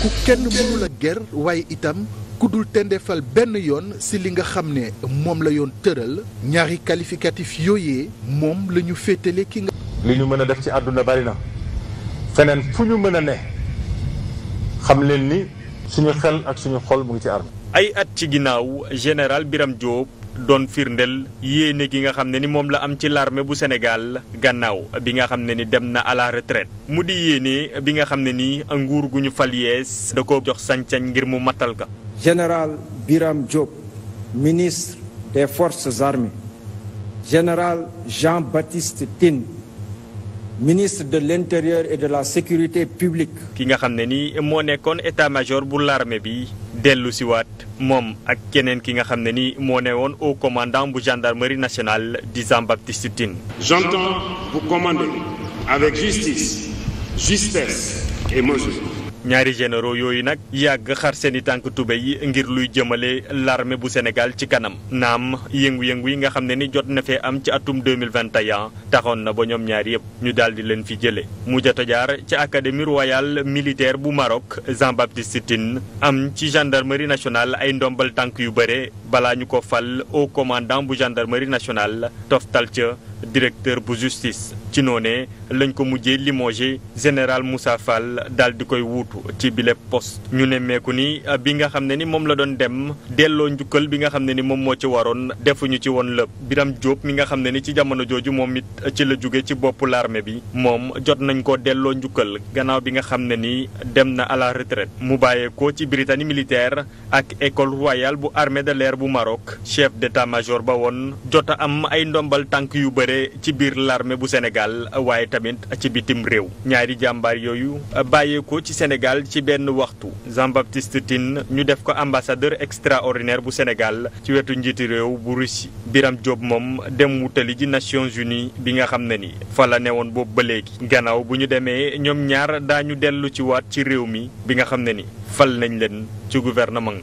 ku kenn mënul ger waaye itam ku dul tendeefal benn yoon si li nga xam ne moom la yoon tëral ñaari kalifikatif yooyee moom la ñu féetale ki nga. li ñu mën a def ci àdduna bari na feneen fu ñu mën a ne xam leen ni suñu xel ak suñu xol mu ngi ci armée. ay at ci ginnaaw général biram Diop. doon firndeel yéene gi nga xam ne ni moom la am ci l'armée bu Sénégal gannaaw bi nga xam ne ni dem na à la retraite mu di yéene bi nga xam ne ni nguur gu ñu fal yees da ko jox sañ ngir mu mattal ka général Birame Diop ministre des forces armées général Jean-Baptiste Tine ministre de l'intérieur et de la sécurité publique. ki nga xam ne ni moo nekkoon état-major bu l'armée bi dellu si waat moom ak keneen ki nga xam ne ni moo ne woon au commandant bu gendarmerie nationale di Jean-Baptiste Tine. j'entends vous commander avec justice, justesse et mesure. ñaari généraux yooyu nag yàgg xar seeni tànk tubéy yi ngir luy jëmale l'armée bu Sénégal ci kanam naam yëngu-yëngu yi nga xam ne ni jot na fee am ci atum 2021 taxoon na ba ñoom ñaar yëpp ñu daal leen fi jële mu jot a jaar ci académie royale militaire bu Maroc Jean Baptiste Tine am ci gendarmerie nationale ay ndombal tànk yu bare balaa ñu ko fal o commandant bu gendarmerie nationale toftal ca directeur bu justice ci noone lañ ko mujjee limogé général Moussa Fall daal di koy wuutu ci bile poste ñu nemmeeku ni bi nga xam ne ni moom la doon dem delloo njukkal bi nga xam ne ni moom moo ci waroon defuñu ci woon lépp Biram Diop mi nga xam ne ni ci jamono jooju moom it ci la jóge ci boppu l'armée bi moom jot nañ ko delloo njukkal gannaaw bi nga xam ne ni dem na à la retraite mu bàyyeekoo ci Britannique militaire ak bu Maroc chef d'état-major ba woon jot a am ay ndombal tànk yu bare ci biir l'armée bu Sénégal waaye tamit ci bitim réew ñaari jàmbaar yooyu bàyyeeko ci Sénégal ci benn waxtu Jean-Baptiste Tine ñu def ko ambassadeur extraordinaire bu Sénégal ci wetu njiiti réew bu Russie Biram Diop moom dem wutali ji Nations Unies bi nga xam ne ni fa la woon boobu ba léegi gannaaw bu ñu demee ñoom ñaar daañu dellu ci waat ci réew mi bi nga xam ne ni fal nañ leen ci gouvernement